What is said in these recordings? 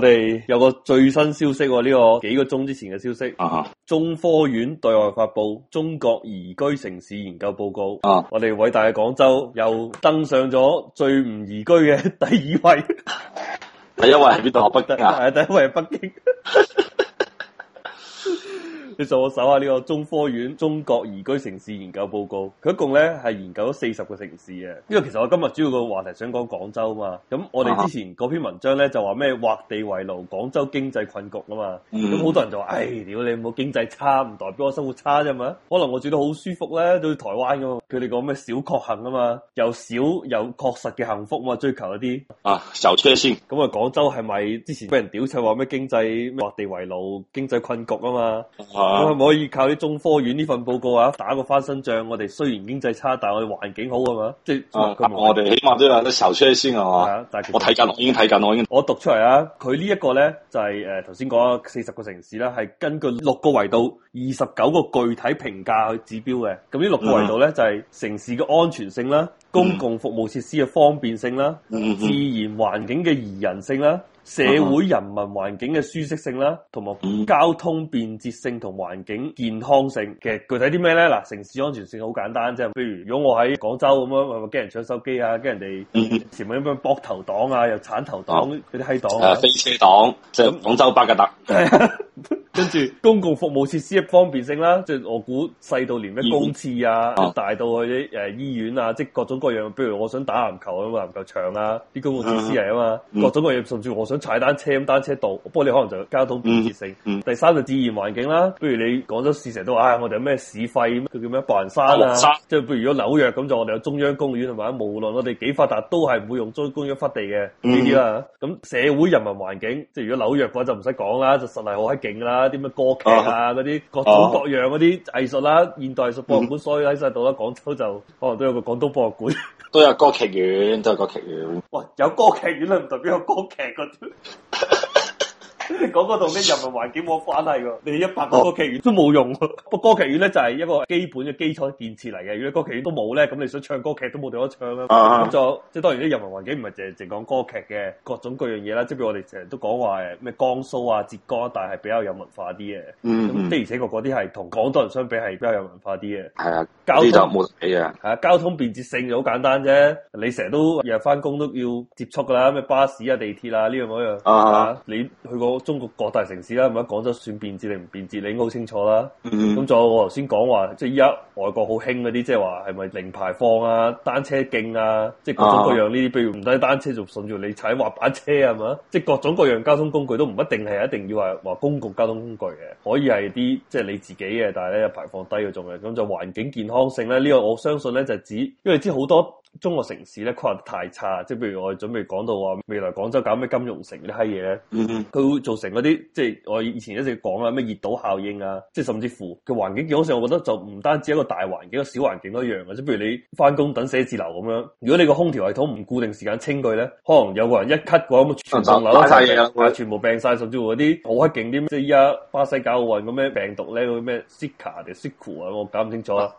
我哋有個最新消息、哦，呢、這個幾個鐘之前嘅消息，uh huh. 中科院對外發布《中國宜居城市研究報告》uh。啊、huh.，我哋偉大嘅廣州又登上咗最唔宜居嘅第二位，第一位係邊度？北京、啊，第一位係北京。 你做我搜下呢個中科院中國宜居城市研究報告，佢一共咧係研究咗四十個城市啊。因為其實我今日主要個話題想講廣州啊嘛。咁、嗯、我哋之前嗰篇文章咧就話咩「劃地為牢」、「廣州經濟困局」啊嘛。咁、嗯、好、嗯、多人就話，哎，屌你冇經濟差，唔代表我生活差啫嘛。可能我住得好舒服咧，對台灣噶嘛。佢哋講咩小確幸啊嘛，又少又確實嘅幸福嘛，追求一啲啊，搜先。咁啊、嗯嗯，廣州係咪之前俾人屌臭話咩「經濟劃地為牢」、「經濟困局」啊嘛？啊我可唔可以靠啲中科院呢份報告啊，打個翻身仗？我哋雖然經濟差，但我哋環境好係咪啊嘛！即係我哋起碼都有啲籌出去先啊！我睇緊，我已經睇緊，我已經。我讀出嚟啊！佢呢一個呢，就係誒頭先講四十個城市啦，係根據六個維度、二十九個具體評價去指標嘅。咁呢六個維度咧就係城市嘅安全性啦、公共服務設施嘅方便性啦、嗯嗯、自然環境嘅宜人性啦。社會人民環境嘅舒適性啦，同埋交通便捷性同環境健康性其實具體啲咩咧？嗱，城市安全性好簡單，即係，譬如如果我喺廣州咁樣，咪驚人搶手機啊，驚人哋前面咁樣搏頭黨啊，又鏟頭黨，嗰啲嗨黨，飛車黨，即係、嗯、廣州八噶達。跟住 公共服務設施嘅方便性啦，即、就、係、是、我估細到連咩公廁啊，嗯嗯、大到去誒醫院啊，即係各種各樣，譬如我想打籃球啊，籃球場啊，啲公共服務設施嚟啊嘛，嗯、各種各樣，甚至我。想踩單車咁單車道，不過你可能就交通便捷性。嗯嗯、第三就自然環境啦，不如你廣州市成日都話，啊、哎，我哋有咩市肺咁，佢叫咩白雲山啊，即係譬如如果紐約咁就我哋有中央公園同埋，無論我哋幾發達都係唔會用中央公園忽地嘅呢啲啦。咁、嗯、社會人民環境，即係如果紐約嘅話就唔使講啦，就實係好閪勁㗎啦，啲咩歌劇啊嗰啲、啊、各種各樣嗰啲藝術啦，現代藝術博物館、嗯嗯、所以喺曬度啦，廣州就可能都有個廣東博物館。 都有歌劇院，都有歌劇院。喂！有歌劇院你唔代表有歌劇嗰啲。 講嗰度咩人文環境冇關係噶，你一百個歌劇院都冇用。個 歌劇院咧就係、是、一個基本嘅基礎建設嚟嘅。如果歌劇院都冇咧，咁你想唱歌劇都冇地方唱啦。咁就、uh huh.，即係當然啲人文環境唔係淨係淨講歌劇嘅，各種各樣嘢啦。即係譬如我哋成日都講話誒，咩江蘇啊、浙江啊，但係比較有文化啲嘅。嗯、mm，的、hmm. 而且確嗰啲係同廣東人相比係比較有文化啲嘅。係啊、mm，hmm. 交通冇啊。係啊，交通便捷性就好簡單啫。你成日都日日翻工都要接觸噶啦，咩巴士啊、地鐵啊呢樣嗰樣啊。你去過？中國各大城市啦，係咪？廣州算便捷定唔便捷？你應該好清楚啦。咁仲有、mm hmm. 我頭先講話，即係依家外國好興嗰啲，即係話係咪零排放啊、單車徑啊，即係各種各樣呢啲，譬、uh huh. 如唔使單車，就順住你踩滑板車啊，嘛，即係各種各樣交通工具都唔一定係一定要話話公共交通工具嘅，可以係啲即係你自己嘅，但係咧排放低嗰種嘅。咁就環境健康性咧，呢、呢個我相信咧就係、指，因為知好多。中國城市咧規劃得太差，即係譬如我哋準備講到話未來廣州搞咩金融城呢啲嘢，佢會造成嗰啲即係我以前一直講啦咩熱島效應啊，即係甚至乎嘅環境健康上，我覺得就唔單止一個大環境，一個小環境都一樣嘅。即係譬如你翻工，等寫字樓咁樣，如果你個空調系統唔固定時間清佢咧，可能有個人一咳嘅話，咁全部漏晒嘢啊，全部病晒，甚至乎嗰啲好黑勁啲，即係依家巴西搞奧運咁咩病毒咧，嗰啲咩 Sika 定 Siku 啊，我搞唔清楚啊。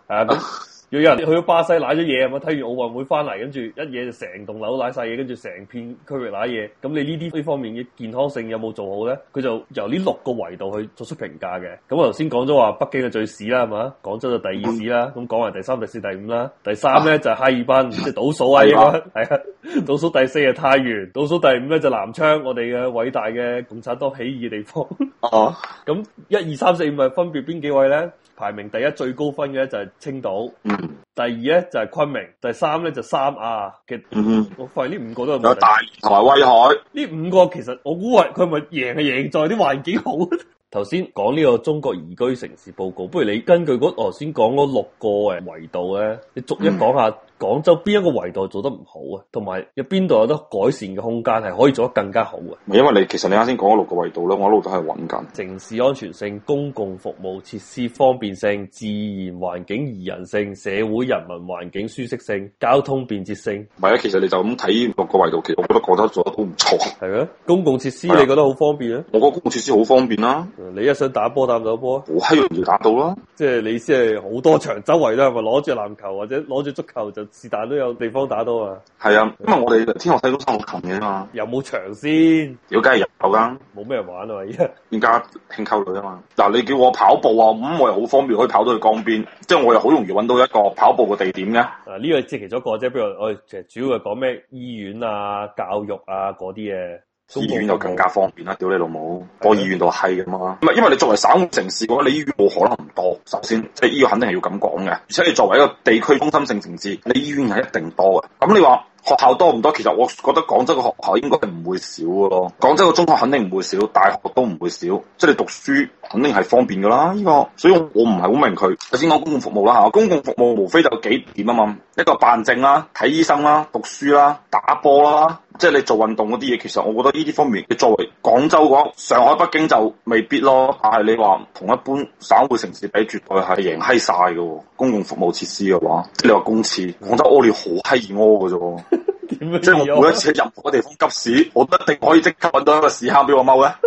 如果有人去咗巴西攋咗嘢啊嘛，睇完奧運會翻嚟，跟住一嘢就成棟樓攋晒嘢，跟住成片區域攋嘢，咁你呢啲呢方面嘅健康性有冇做好咧？佢就由呢六個維度去作出評價嘅。咁我頭先講咗話北京係最屎啦，係嘛？廣州就第二屎啦，咁、嗯、講完第三、第四、第五啦，第三咧就係、是、哈爾濱，即係、啊、倒數啊！依個係啊，倒數第四係太原，倒數第五咧就南昌，我哋嘅偉大嘅共產黨起義嘅地方。哦、啊，咁一二三四五係分別邊幾位咧？排名第一最高分嘅咧就係青島。嗯第二咧就係昆明，第三咧就三亞嘅，啊嗯、哼我費呢五個都係有，有大同埋威海，呢五個其實我估佢係咪贏係贏在啲環境好。 頭先講呢個中國宜居城市報告，不如你根據嗰我先講嗰六個誒維度咧，你逐一講一下廣州邊一個維度做得唔好啊，同埋有邊度有得改善嘅空間，係可以做得更加好啊？唔係，因為你其實你啱先講嗰六個維度咧，我一路都係揾緊城市安全性、公共服務設施方便性、自然環境宜人性、社會人民環境舒適性、交通便捷性。唔係啊，其實你就咁睇六個維度，其實我覺得廣州做得都唔錯。係啊，公共設施的你覺得好方,方便啊？我覺得公共設施好方便啦。你一想打波打唔到波，好閪容易打到咯。即係你先係好多場周圍都係咪攞住籃球或者攞住足球，就是但都有地方打到啊。係啊，因為我哋天河西都三好群嘅嘛，有冇場先？有，梗係有噶。冇咩人玩啊嘛，依家興溝女啊嘛。嗱，你叫我跑步啊，咁我又好方便可以跑到去江邊，即係我又好容易揾到一個跑步嘅地點嘅。誒、啊，呢個即係其中一個，即係比如我其實主要係講咩醫院啊、教育啊嗰啲嘢。醫院就更加方便啦，屌你老母，個醫院度閪噶嘛？因為你作為省城市嘅話，你醫院冇可能唔多。首先，即係醫院肯定係要咁講嘅。而且你作為一個地區中心性城市，你醫院係一定多嘅。咁你話學校多唔多？其實我覺得廣州嘅學校應該係唔會少嘅咯。廣州嘅中學肯定唔會少，大學都唔會少。即係你讀書肯定係方便噶啦。呢個，所以我我唔係好明佢。首先講公共服務啦吓，公共服務無非就幾點啊嘛，一個辦證啦、睇醫生啦、讀書啦、打波啦。即係你做運動嗰啲嘢，其實我覺得呢啲方面，你作為廣州嘅話，上海、北京就未必咯。但係你話同一般省會城市比，絕對係贏閪晒嘅。公共服務設施嘅話，即你話公廁，廣州屙尿好閪易屙嘅啫。 即係我每一次喺任何嘅地方急屎，我都一定可以即刻揾到一個屎坑俾我踎嘅。係啊，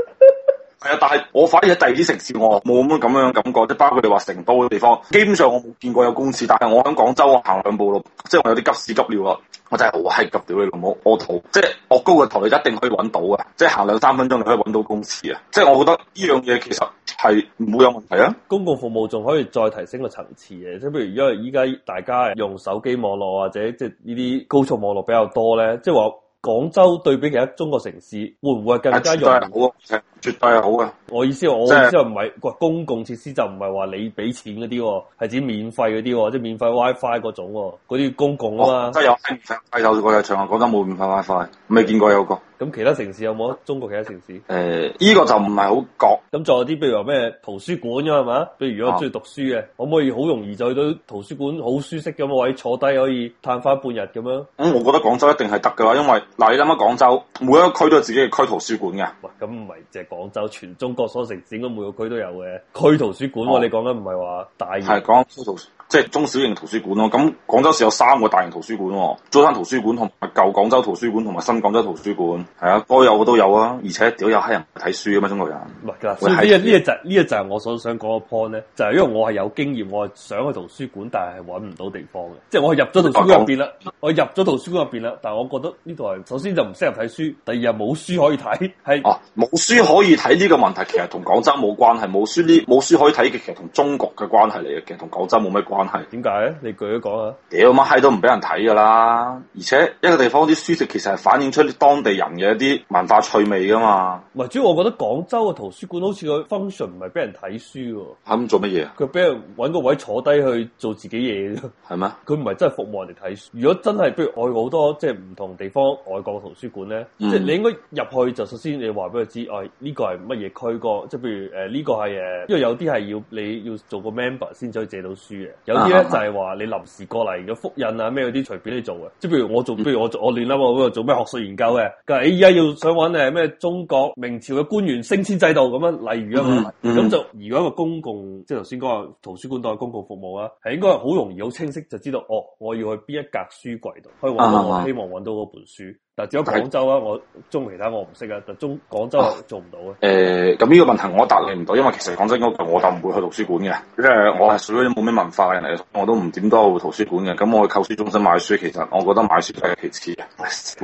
但係我反而喺第二啲城市，我冇咁樣咁樣感覺。即包括你話成都嘅地方，基本上我冇見過有公廁。但係我喺廣州，我行兩步路，即係我有啲急屎急尿啊。我真係好閪急，屌你老母我肚，即係我高個頭你一定可以揾到嘅，即係行兩三分鐘你可以揾到公廁啊！即係我覺得呢樣嘢其實係唔會有問題啊。公共服務仲可以再提升個層次嘅，即係譬如因為依家大家用手機網絡或者即係呢啲高速網絡比較多咧，即係我。廣州對比其他中國城市，會唔會更加用？絕對係好啊！絕對好啊！我意思、就係、我意思就唔係個公共設施就唔係話你俾錢嗰啲，係指免費嗰啲，即係免費 WiFi 嗰種，嗰啲公共啊嘛。即係有，有免費 WiFi 有個有場啊，冇免費 WiFi，未見過有個。咁其他城市有冇？中國其他城市？誒、呃，依、這個就唔係好覺。咁仲有啲，譬如話咩圖書館咁係嘛？譬如如果我中意讀書嘅，啊、可唔可以好容易就去到圖書館，好舒適咁嘅位坐低，可以嘆翻半日咁樣？咁、嗯、我覺得廣州一定係得㗎啦，因為嗱、呃，你諗下廣州每一個區都有自己嘅區圖書館嘅。喂，咁唔係淨係廣州全中國所城市應該每個區都有嘅區圖書館、啊。啊、你講緊唔係話大係講。嗯即係中小型圖書館咯，咁廣州市有三個大型圖書館，中山圖書館同埋舊廣州圖書館同埋新廣州圖書館，係啊，該有都有嘅都有啊，而且屌有黑人睇書啊？嘛，中國人？唔係實，呢一呢一集呢一就係我所想講嘅 point 咧，就係因為我係有經驗，我想去圖書館，但係係搵唔到地方嘅，即係我係入咗圖書館入邊啦，說我入咗圖書館入邊啦，但係我覺得呢度係首先就唔適合睇書，第二日冇書可以睇，係啊，冇書可以睇呢個問題，其實同廣州冇關係，冇書呢冇書可以睇嘅，其實同中國嘅關係嚟嘅，其實同廣州冇乜關。關係？點解？你舉一講啊！屌乜閪都唔俾人睇噶啦！而且一個地方啲書籍其實係反映出啲當地人嘅一啲文化趣味噶嘛。唔係主要，我覺得廣州嘅圖書館好似個 function 唔係俾人睇書喎。咁、嗯、做乜嘢？佢俾人揾個位坐低去做自己嘢啫。係嘛嗎？佢唔係真係服務人哋睇書。如果真係，譬如外國好多即係唔同地方外國圖書館咧，即係、嗯、你應該入去就首先你話俾佢知，我、哎、呢、這個係乜嘢區個？即係譬如誒呢個係誒，因為有啲係要你要做個 member 先可以借到書嘅。有啲咧就係、是、話你臨時過嚟嘅複印啊咩嗰啲隨便你做嘅，即係譬如我做，譬如我做我亂啦，我做咩學術研究嘅，咁你依家要想揾誒咩中國明朝嘅官員升遷制度咁樣，例如啊，咁、嗯嗯、就如果一個公共，即係頭先講啊圖書館都係公共服務啊，係應該好容易好清晰就知道，哦我要去邊一格書櫃度可以揾、嗯嗯嗯嗯、希望揾到嗰本書。但係只有廣州啊，是我中其他我唔識啊，但中廣州係做唔到嘅。誒、啊、咁、呃、呢、嗯、個問題我答你唔到，因為其實講真我就唔會去圖書館嘅，因為我係屬於冇咩文化。我都唔點多去圖書館嘅，咁我去購書中心買書。其實我覺得買書係其次啊，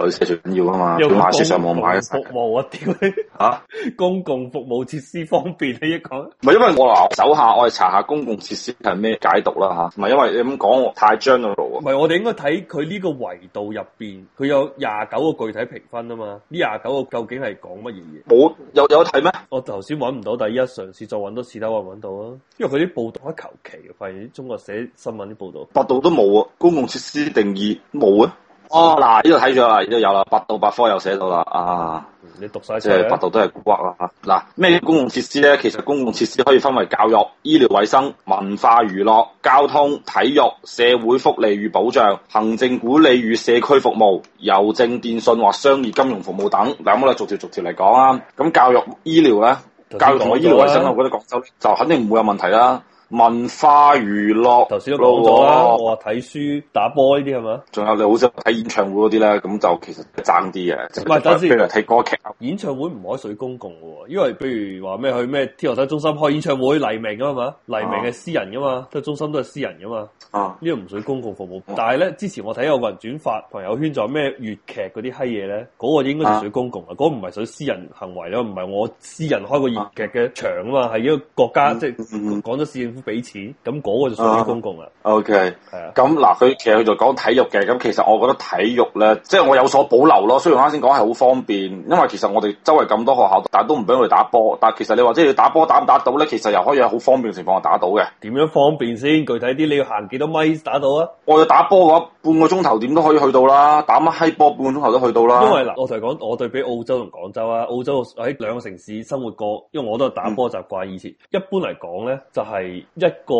女社最緊要啊嘛，要買書上網買。服務啊，屌你嚇！公共服務設施方便呢一個。唔係因為我啊，手下我係查下公共設施係咩解讀啦嚇。唔、啊、係因為你咁講我太 general 啊。唔係，我哋應該睇佢呢個維度入邊，佢有廿九個具體評分啊嘛。呢廿九個究竟係講乜嘢嘢？冇、啊、有有睇咩？我頭先揾唔到第一，但依家嘗試再揾多次都揾到啊。因為佢啲報道係求其嘅，發現中國。寫新聞啲報道，百度都冇啊！公共設施定義冇啊？哦，嗱呢度睇咗啦，呢度有啦，百度百科又寫到啦啊！你讀晒即係百度都係骨啦。嗱，咩公共設施咧？嗯、其實公共設施可以分為教育、醫療衛生、文化娛樂、交通、體育、社會福利與保障、行政管理與社區服務、郵政電信或商業金融服務等。咁我哋逐條逐條嚟講啊。咁教育、醫療咧，教育同埋醫，醫療衛生我覺得廣州就肯定唔會有問題啦。文化娛樂頭先都講咗啦，哦、我話睇書、打波呢啲係嘛？仲有你好想睇演唱會嗰啲咧，咁就其實爭啲嘅。唔係等先，譬如睇歌劇演唱會唔可以屬於公共嘅喎，因為譬如話咩去咩天河體中心開演唱會，黎明啊，係嘛？黎明係私人㗎嘛，即中心都係私人㗎嘛。啊！呢個唔屬於公共服務，啊、但係咧之前我睇有個人轉發朋友圈就咩粵劇嗰啲閪嘢咧，嗰、那個應該係屬於公共啊，嗰個唔係屬於私人行為咯，唔係我私人開個粵劇嘅場啊嘛，係一個國家即係廣州市。嗯嗯嗯嗯嗯俾錢咁嗰個就屬於公共啦。O K，係啊。咁嗱，佢其實佢就講體育嘅。咁其實我覺得體育咧，即係我有所保留咯。雖然啱先講係好方便，因為其實我哋周圍咁多學校，但係都唔俾佢打波。但係其實你話即係要打波打唔打到咧？其實又可以喺好方便嘅情況下打到嘅。點樣方便先？具體啲你要行幾多米打到啊？我要打波嘅話，半個鐘頭點都可以去到啦。打乜閪波，半個鐘頭都可以去到啦。因為嗱，我就講我對比澳洲同廣州啊，澳洲喺兩個城市生活過，因為我都係打波習慣。以前、嗯、一般嚟講咧，就係、是。一個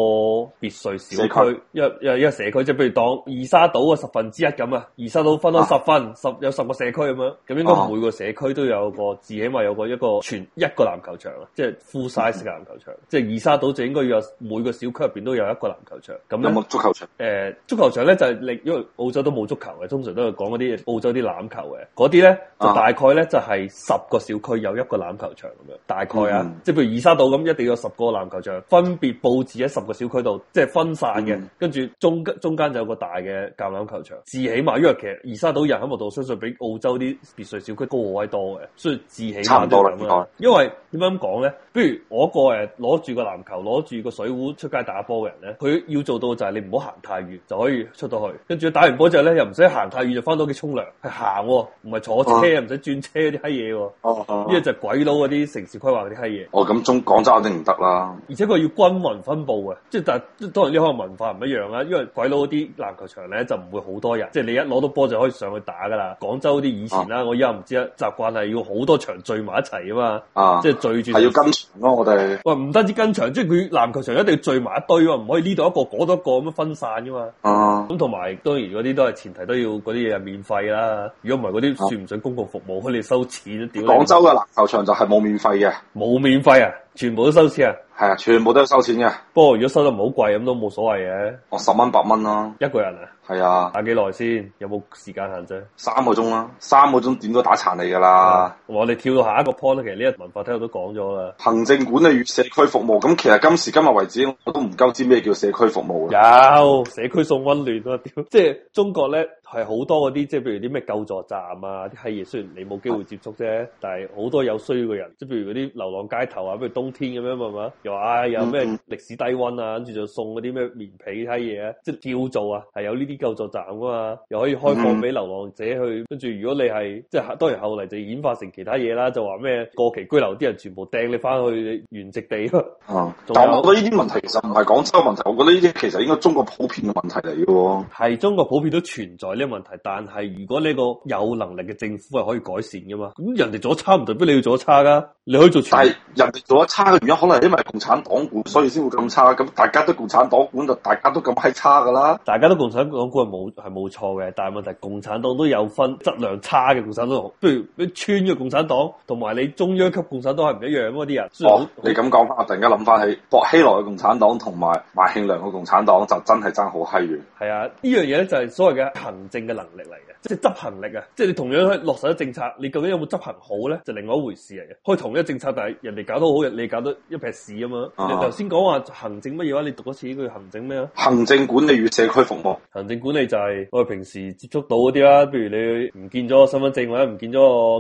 別墅小區，一區、一、一個社區，即係譬如當二沙島嘅十分之一咁啊。二沙島分開十分，啊、十有十個社區咁樣，咁應該每個社區都有個，啊、至，至少咪有一個一個全一個籃球場，即係 full size 嘅籃球場。嗯、即係二沙島就應該要有每個小區入邊都有一個籃球場。咁有冇足球場？誒，足球場咧就係、是、你，因為澳洲都冇足球嘅，通常都係講嗰啲澳洲啲欖球嘅。嗰啲咧就大概咧就係十個小區有一個欖球場咁樣，大概啊，即係譬如二沙島咁，一定要有十個籃球場，分別布。置喺十個小區度，即、就、係、是、分散嘅，跟住、mm hmm. 中中間就有個大嘅橄欖球場。自起碼，因為其實二沙島人喺度，相信比澳洲啲別墅小區高好多嘅，所以自起碼都咁樣。因為點解咁講咧？不如我一個誒，攞住個籃球，攞住個水壺出街打波嘅人咧，佢、hmm. 要做到就係你唔好行太遠，就可以出到去。跟住打完波之後咧，又唔使行太遠就翻到屋企沖涼，係行，唔係坐車，唔使轉車啲閪嘢。哦，呢個就係鬼佬嗰啲城市規劃嗰啲閪嘢。哦，咁中廣州一定唔得啦。而且佢要均勻。分布嘅，即係但係，當然呢可能文化唔一樣啦。因為鬼佬嗰啲籃球場咧就唔會好多人，即係你一攞到波就可以上去打噶啦。廣州啲以前啦，啊、我依家唔知啦，習慣係要好多場聚埋一齊啊嘛，啊即係聚住係要跟場咯，我哋喂唔單止跟場，即係佢籃球場一定要聚埋一堆啊，唔可以呢度一個嗰度一個咁樣分散噶嘛。啊，咁同埋當然嗰啲都係前提都要嗰啲嘢係免費啦。如果唔係嗰啲算唔算公共服務？佢哋、啊、收錢，屌！廣州嘅籃球場就係冇免費嘅，冇免費啊。全部都收錢啊！係啊，全部都收錢嘅。不過如果收得唔好貴咁都冇所謂嘅。哦，十蚊八蚊咯，一個人啊。係啊，打幾耐先？有冇時間限制？三個鐘啦，三個鐘點都打殘你噶啦。我哋跳到下一個 point 其實呢一文化體育都講咗啦。行政管理與社區服務咁，其實今時今日為止，我都唔夠知咩叫社區服務。有社區送溫暖啊！屌， 即係中國咧係好多嗰啲即係譬如啲咩救助站啊啲閪嘢，雖然你冇機會接觸啫，是但係好多有需要嘅人，即係譬如嗰啲流浪街頭啊，譬如冬天咁樣，係嘛？又話有咩歷史低溫啊，跟住就送嗰啲咩棉被啲閪嘢啊，即係叫做啊，係有呢。啲救助站啊嘛，又可以開放俾流浪者去。跟住，嗯，如果你係即係，當然後嚟就演化成其他嘢啦。就話咩過期居留啲人全部掟你翻去原籍地啊，但我覺得呢啲問題其實唔係廣州問題，我覺得呢啲其實應該中國普遍嘅問題嚟嘅。係中國普遍都存在呢個問題，但係如果呢個有能力嘅政府係可以改善噶嘛。咁人哋做咗差唔代表你要做咗差噶。你可以做全，但係人哋做咗差嘅原因可能因為共產黨管，所以先會咁差。咁大家都共產黨管就大家都咁閪差噶啦。大家都共產講句係冇係冇錯嘅，但係問題，共產黨都有分質量差嘅共產黨，譬如你村嘅共產黨，同埋你中央級共產黨係唔一樣咯啲人。哦，你咁講，我突然間諗翻起薄熙來嘅共產黨同埋萬慶良嘅共產黨就真係爭好閪遠。係啊，呢樣嘢咧就係所謂嘅行政嘅能力嚟嘅，即係執行力啊，即係你同樣去落實咗政策，你究竟有冇執行好咧，就另外一回事嚟嘅。可以同一個政策，但係人哋搞得好，你搞到一撇屎啊嘛。啊啊你頭先講話行政乜嘢啊？你讀一次呢句行政咩啊？行政管理與社區服務。管理就係我哋平時接觸到嗰啲啦，譬如，你唔見咗個身份證或者唔見咗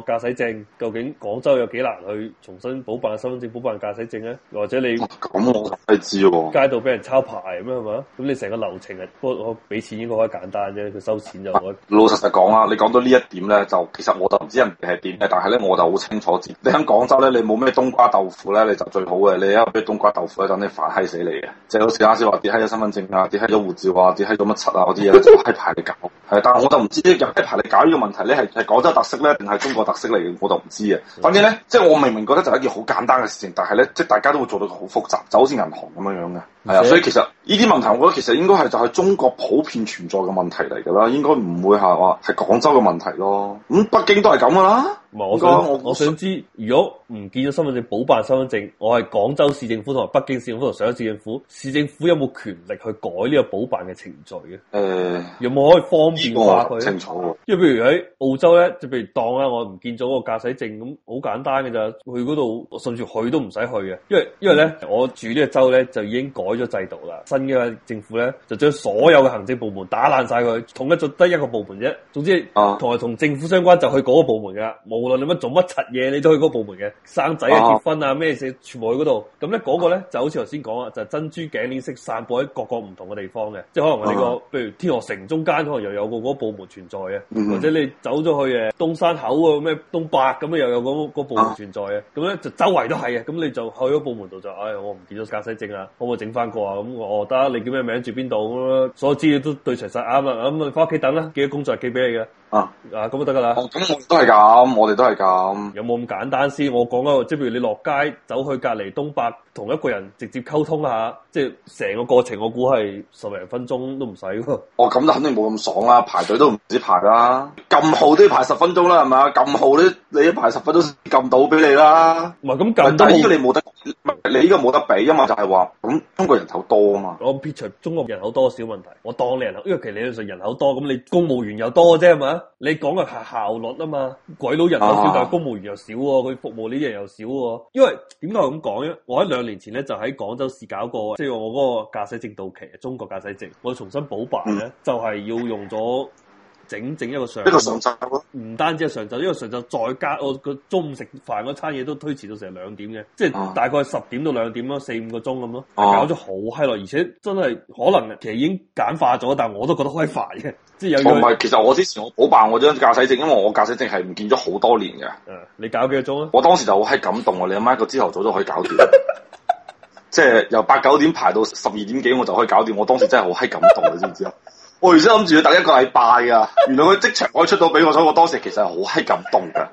個駕駛證，究竟廣州有幾難去重新補辦身份證、補辦駕駛證咧？或者你咁我都係知喎、啊，街道俾人抄牌咁樣係嘛？咁你成個流程係，不過我俾錢應該可以簡單啫，佢收錢就老老實實講啦。你講到呢一點咧，就其實我就唔知人哋係點，但係咧我就好清楚知。廣你喺廣州咧，你冇咩冬瓜豆腐咧，你就最好嘅。你一俾冬瓜豆腐咧，等你煩閪死你嘅。即係好似啱先話跌喺咗身份證啊，跌喺咗護照啊，跌喺咗乜七啊，係 排你搞，係但係我就唔知呢排你搞呢個問題咧，係係廣州特色咧，定係中國特色嚟嘅？我就唔知啊。反正咧，即係我明明覺得就係一件好簡單嘅事情，但係咧，即係大家都會做到好複雜，就好似銀行咁樣樣嘅，係啊。所以其實呢啲問題，我覺得其實應該係就係中國普遍存在嘅問題嚟噶啦，應該唔會係話係廣州嘅問題咯。咁北京都係咁噶啦。唔，我想我想知，如果唔見咗身份證，補辦身份證，我係廣州市政府同埋北京市政府同上一市政府，市政府有冇權力去改呢個補辦嘅程序嘅？誒、嗯，有冇可以方便化佢？清楚，因為譬如喺澳洲咧，就譬如當啦，我唔見咗個駕駛證咁，好簡單嘅咋，去嗰度，我甚至去都唔使去嘅，因為因為咧，我住呢個州咧就已經改咗制度啦。新嘅政府咧就將所有嘅行政部門打爛晒佢，統一就得一個部門啫。總之，同埋同政府相關就去嗰個部門噶啦，冇。無論你乜做乜柒嘢，你都去嗰個部門嘅生仔啊、結婚啊、咩事，全部去嗰度。咁咧嗰個咧，就好似頭先講啊，就是、珍珠頸鏈式散布喺各個唔同嘅地方嘅。即可能我呢、這個，比、uh huh. 如天河城中間可能又有個嗰個部門存在嘅，或者你走咗去誒東山口啊咩東八咁又有嗰個部門存在嘅。咁咧、uh huh. 就周圍都係嘅，咁你就去嗰部門度就，唉、哎，我唔見咗駕駛證啊，可唔可以整翻個啊？咁我覺得，你叫咩名字住邊度咁啦？所有資料都對齊晒啱啦，咁、嗯、啊，翻屋企等啦，幾多工作日寄俾你嘅。啊啊咁就得噶啦！咁、嗯、我、嗯、都係咁，我哋都係咁。有冇咁簡單先？我講啦，即係譬如你落街走去隔籬東百，同一個人直接溝通下，即係成個過程我，我估係十零分鐘都唔使。哦，咁就肯定冇咁爽啦、啊，排隊都唔止排啦、啊。咁號都要排十分鐘啦，係嘛？咁號都你一排十分鐘撳到俾你啦。唔係咁，但係呢個你冇得，你呢個冇得比，因、就、嘛、是，就係話咁中國人口多啊嘛。我撇除中國人口多少問題，我當你人口，因為其實理論上人口多，咁你公務員又多啫，係、啊、嘛？你講嘅係效率啊嘛，鬼佬人都少，但係公務員又少，佢服務啲嘢又少，因為點解我咁講咧？我喺兩年前咧就喺廣州市搞過，即係我嗰個駕駛證到期，嘅中國駕駛證，我重新補辦咧，就係要用咗。整整一個上一個上晝唔、啊、單止係上晝，因為上晝再加我個中午食飯嗰餐嘢，都推遲到成兩點嘅，即係大概十點到兩點咯，四五個鐘咁咯，啊、搞咗好嗨咯，而且真係可能其實已經簡化咗，但係我都覺得好快嘅，即係有。唔係，其實我之前我補辦我張駕駛證，因為我駕駛證係唔見咗好多年嘅。你搞幾個鐘啊？我當時就好嗨感動啊！你阿媽個朝頭早都可以搞掂，即係由八九點排到十二點幾，我就可以搞掂。 我當時真係好嗨感動，你知唔知啊？ 我原先諗住要等一個禮拜噶，原來佢即場可以出到俾我，所以我當時其實好閪感動噶。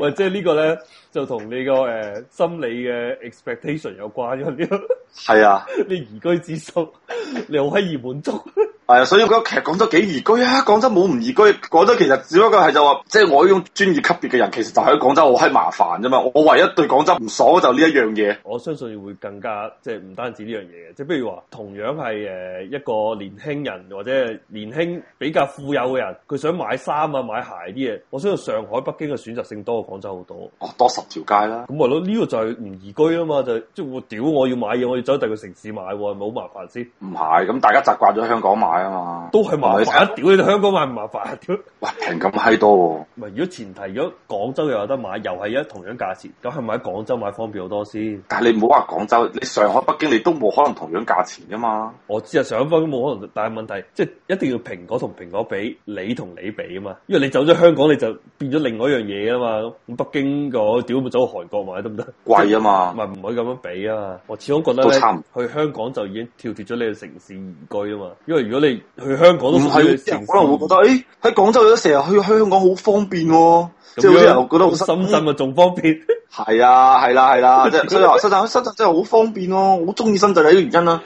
或者呢個咧就同你個誒、呃、心理嘅 expectation 有關咯。係啊，啊你宜居指數，你好閪易滿足。啊，所以我覺得其實廣州幾宜居啊？廣州冇唔宜居，廣州其實只不過係就話，即係我呢種專業級別嘅人，其實就喺廣州好閪麻煩啫嘛。我唯一對廣州唔爽就呢一樣嘢。我相信會更加即係唔單止呢樣嘢嘅，即係譬如話，同樣係誒一個年輕人或者年輕比較富有嘅人，佢想買衫啊、買鞋啲嘢，我相信上海、北京嘅選擇性多過廣州好多，哦，多十條街啦。咁咪咯，呢個就係唔宜居啊嘛，就即係我屌我要買嘢，我要走第二個城市買喎，咪好麻煩先。唔係，咁大家習慣咗香港買。都係麻煩，屌是你！哋香港買唔麻煩，屌！ 哇，平咁閪多，唔係如果前提，如果廣州又有得買，又係一同樣價錢，咁係咪廣州買方便好多先？但係你唔好話廣州，你上海、北京你都冇可能同樣價錢噶嘛？我知啊，上海、北京冇可能，但係問題即係、就是、一定要蘋果同蘋果比，你同你比啊嘛？因為你走咗香港，你就變咗另外一樣嘢啊嘛？咁北京嗰屌咪走去韓國買得唔得？貴啊嘛，唔係唔可以咁樣比啊嘛？我始終覺得咧，差唔多去香港就已經跳脫咗呢個城市宜居啊嘛，因為如果嚟去香港都唔係，可能會覺得，誒、欸、喺廣州有時啊去香港好方便喎、啊，即係啲人覺得深圳啊仲方便，係 啊係啦係啦，即係、啊啊啊啊、 所以話深圳喺深圳真係好方便咯、啊，我好中意深圳呢啲原因啦、啊，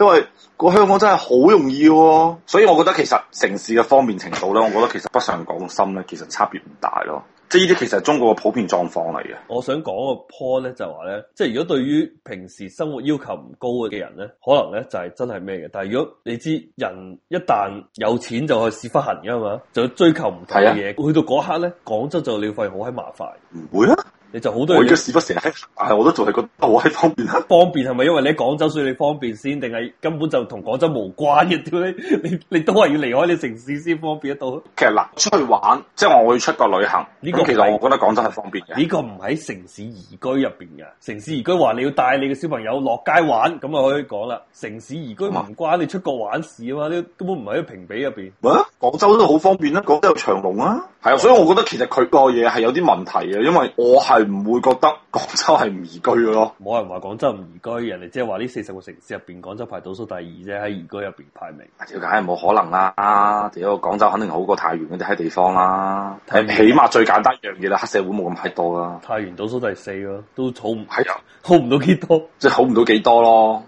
因為個香港真係好容易嘅、啊，所以我覺得其實城市嘅方便程度咧，我覺得其實北上廣深咧其實差別唔大咯。即係呢啲其實係中國嘅普遍狀況嚟嘅。我想講個 point 咧就係話咧，即係如果對於平時生活要求唔高嘅人咧，可能咧就係、是、真係咩嘅。但係如果你知人一旦有錢就去屎忽痕㗎嘛，就追求唔同嘅嘢，啊、去到嗰刻咧，廣州就料費好閪麻煩。唔會啊！你就好多人嘢事不成，但係我都仲係覺得我喺方便。方便係咪因為你喺廣州所以你方便先，定係根本就同廣州無關嘅？屌你，你你都係要離開你城市先方便得到。其實嗱，出去玩，即係我會出國旅行呢個，其實我覺得廣州係方便嘅。呢個唔喺城市宜居入邊嘅，城市宜居話你要帶你嘅小朋友落街玩，咁啊可以講啦。城市宜居唔關你出國玩事啊嘛，你麼根本唔喺啲評比入邊。喂，廣州都好方便啦，廣州有長隆啊。係啊，所以我覺得其實佢個嘢係有啲問題嘅，因為我係唔會覺得廣州係唔宜居嘅咯。冇人話廣州唔宜居，人哋即係話呢四十個城市入邊，廣州排倒數第二啫，喺宜居入邊排名條街梗係冇可能啦，屌！廣州肯定好過太原嗰啲喺地方啦。係起碼最簡單一樣嘢啦，黑社會冇咁太多啦。太原倒數第四咯，啊，都好唔係啊，好唔到幾多，即係好唔到幾多咯。